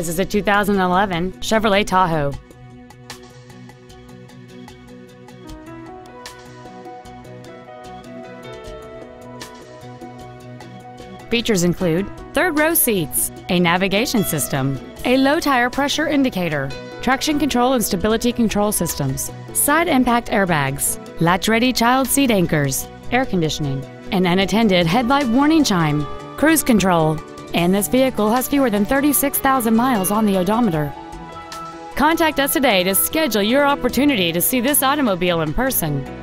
This is a 2011 Chevrolet Tahoe. Features include third row seats, a navigation system, a low tire pressure indicator, traction control and stability control systems, side impact airbags, latch-ready child seat anchors, air conditioning, an unattended headlight warning chime, cruise control, and this vehicle has fewer than 36,000 miles on the odometer. Contact us today to schedule your opportunity to see this automobile in person.